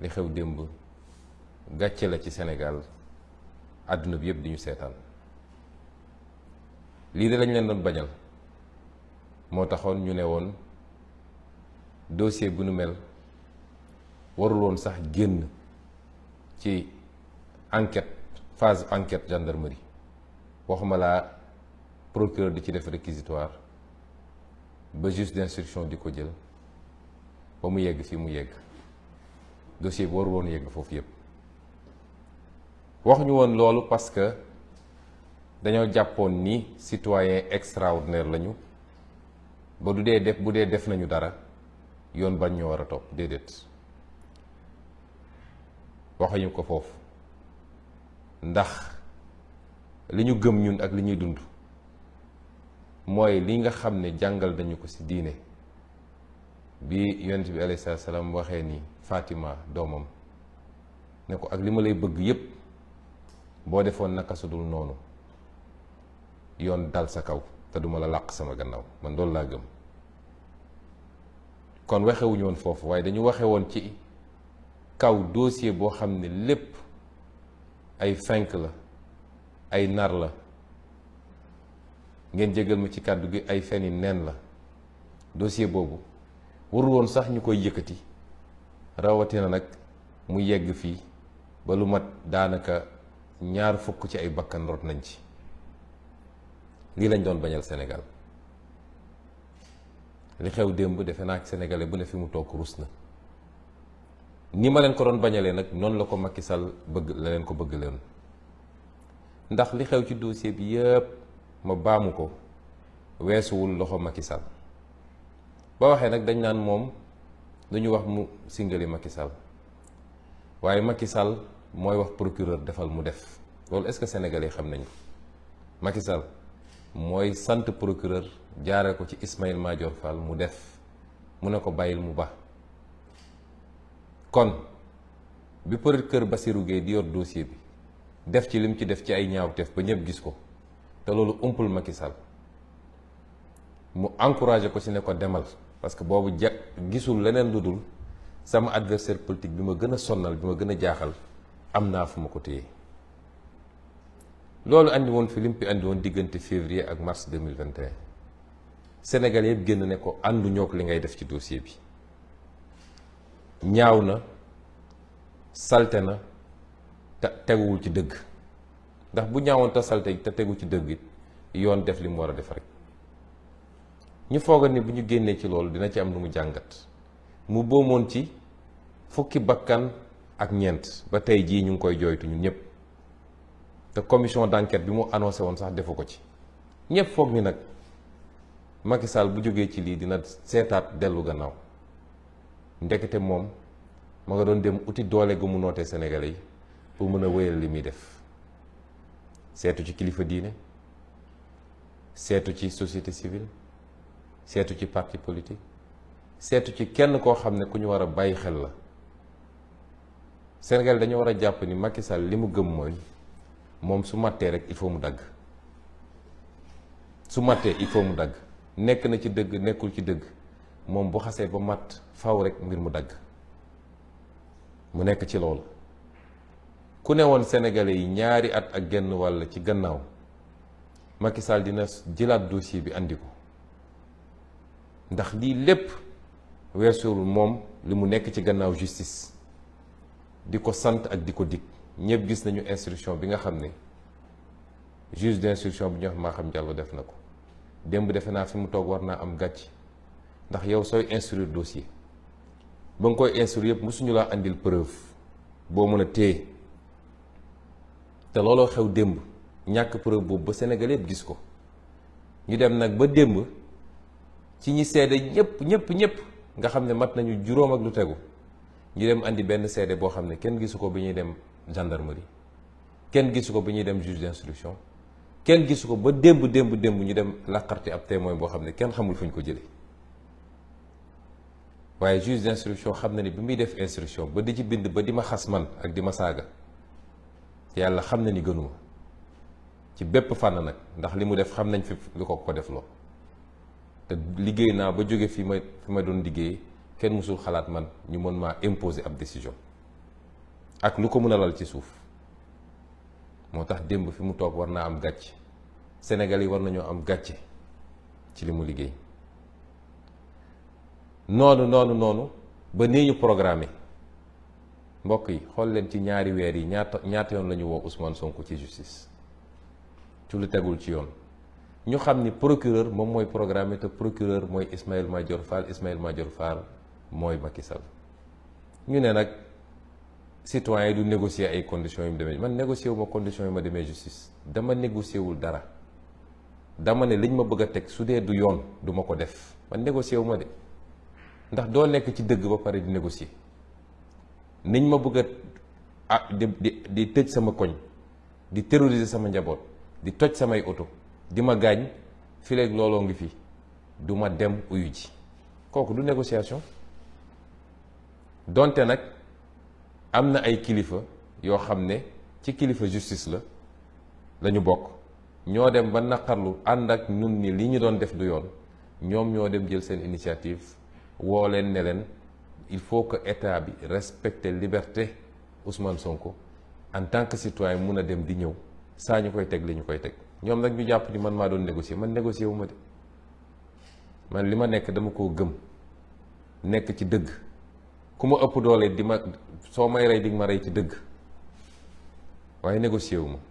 li xew démb gàcce la ci Sénégal àdduna bi yëpp di ñu seetaan lii de lañ leen doon bañal moo taxoon ñu ne woon dossier bu nu mel warul woon sax génn ci enquête phase enquête gendarmerie waxuma laa procureur di ci def réquisitoire ba juge d'instruction di ko jël ba mu yegg fii mu yegg dossier bi waru woon yegg foofu yëpp waxuñu woon loolu parce que dañoo jàppoon ni citoyen extraordinaire lañu ba du dee def bu dee def nañu dara yoon bañ ñu war a topp déedéet waxuñu ko foofu ndax li ñu gëm ñun ak li ñuy dund mooy li nga xam ne jàngal nañu ko ci diine bi yonent bi alayhi salaam waxee ni Fatima doomam ne ko ak li ma lay bëgg yépp boo defoon naka su noonu yoon dal sa kaw te duma la làq sama gannaaw man loolu laa gëm kon waxewuñu woon foofu waaye dañu waxe woon ci kaw dossier boo xam ne lépp ay fenk la ay nar la ngeen jégal ma ci kàddu gi ay feni neen la dossier boobu warul woon sax ñu koy yëkkati rawatina nag mu yegg fii ba lu mat daanaka ñaar fukk ci ay bakkan rot nañ ci lii lañ doon bañal senegal li xew démb defe naa ak sénégalais bu ne fi mu toog rus na ni ma leen ko doon bañalee nag noonu la ko Macky Sall bëgg la leen ko bëgg leen ndax li xew ci dossier bi yépp ma baamu ko weesuwul loxo Macky Sall boo waxee nag dañ naan moom dañu wax mu singali Macky Sall waaye Macky Sall mooy wax procureur defal mu def loolu est-ce que xam nañu ko Macky Sall mooy sant procureur jaare ko ci Ismaïla Madior Fall mu def mu ne ko bàyyil mu ba kon bi procureur Bassirou Guèye di yor dossier bi def ci lim ci def ci ay ñaawteef ba ñëpp gis ko te loolu umpul Macky Sall mu encouragé ko ci ne ko demal parce que boobu ja gisul leneen lu dul sama adversaire politique bi ma gën a sonnal bi ma gën a jaaxal am naa fu ma ko téye loolu andi woon fi lim bi andi woon diggante février ak mars 2021 Sénégal yëpp génn ne ko ànduñoo ak li ngay def ci dossier bi ñaaw na salte na te teguwul ci dëgg ndax bu ñaawoon te salte te tegu ci dëgg yoon def li mu war a def rek ñu foogal ni bu ñu génnee ci loolu dina ci am lu mu jàngat mu boomoon ci fukki bakkan ak ñeent ba tey jii ñu ngi koy jooytu ñun ñëpp te commission d'enquête bi mu annoncé woon sax defu ko ci ñëpp foog ni nag Macky Sall bu jógee ci lii dina seetaat dellu gannaaw ndekete moom ma nga doon dem uti doole gu mu nootee Sénégalais yi pour mën a wéyal li muy def seetu ci kilifa diine seetu ci société civile seetu ci parti politique seetu ci kenn koo xam ne ku ñu war a bàyyi xel la Sénégal dañu war a jàpp ni Macky Sall li mu gëm mooy moom su mattee rek il faut mu dagg su mattee il faut mu dagg nekk na ci dëgg nekkul ci dëgg moom bu xasee ba matt faw rek mbir mu dagg mu nekk ci lool ku ne woon sénégalais yi ñaari at ak genn wàll ci gannaaw Macky Sall dina jëlaat dossier bi andi ko ndax lii lépp weesuwul moom li mu nekk ci gannaaw justice di ko sant ak di ko dikk ñëpp gis nañu instruction bi nga xam ne juge d'instruction bi ñu maa xam Diallo def na ko démb defe naa fi mu toog war naa am gàcc ndax yow sooy instruire dossier ba nga koy instruire yëpp mësuñu laa indil preuve boo mën a téye te looloo xew démb ñàkk preuve boobu ba Sénégal yëpp gis ko ñu dem nag ba démb. ci ñi seede ñëpp ñëpp ñëpp nga xam ne mat nañu juróom ak lu tegu ñu dem indi benn seede boo xam ne kenn gisu ko bi ñuy dem gendarmerie kenn gisu ko bi ñuy dem juge d'instruction kenn gisu ko ba démb démb démb ñu dem làqarti ab témoin boo xam ne kenn xamul fu ñu ko jëlee waaye juge d'instruction xam na ni bi muy def instruction ba di ci bind ba di ma xas man ak di ma saaga yàlla xam na ni gënuma ci bépp fànn nag ndax li mu def xam nañ fi lu ko ko def loo te liggéey naa ba jóge fi ma fi ma doon liggéey kenn mësul xalaat man ñu mën maa imposer ab décision ak lu ko mën a lal ci suuf moo tax démb fi mu toog war naa am gàcce senegal yi war nañoo am gàcce ci li mu liggéey noonu noonu noonu ba nii ñu programmé mbokk yi xool leen ci ñaari weer yi ñaata ñaata yoon la ñu woo Ousmane sonk ci justice ci lu tegul ci yoon. ñu xam ni procureur moom mooy programme te procureur mooy Ismaïla Madior Fall Ismaïla Madior Fall mooy Macky Sall ñu ne nag citoyen yi du négocier ay conditions yu man négocier wu ma conditions ma demee justice dama négocier wul dara dama ne liñ ma bëgg a teg su dee du yoon duma ko def ma négocier wu ma de ndax doo nekk ci dëgg ba pare di négocier niñ ma bëgg a ah di di tëj sama koñ di terroriser sama njaboot di toj samay oto. di ma gaañ fileeg looloo ngi fi du ma dem uyu ji kooku du négociation donte nag am na ay kilifa yoo xam ne ci kilifa justice la la bokk ñoo dem ba naqarlu ànd ak ñun ni li ñu doon def du yoon ñoom ñoo dem jël seen initiative woo leen ne leen il faut que état bi respecte liberté Ousmane Sonko en tant que citoyen mun a dem di ñëw saa ñu koy teg lañu koy teg ñoom nag ñu jàpp ni man maa doon négocier man négocier wu ma de man li ma nekk dama koo gëm nekk ci dëgg ku ma ëpp doole di ma soo may rey di ma rey ci dëgg waaye négocier wu ma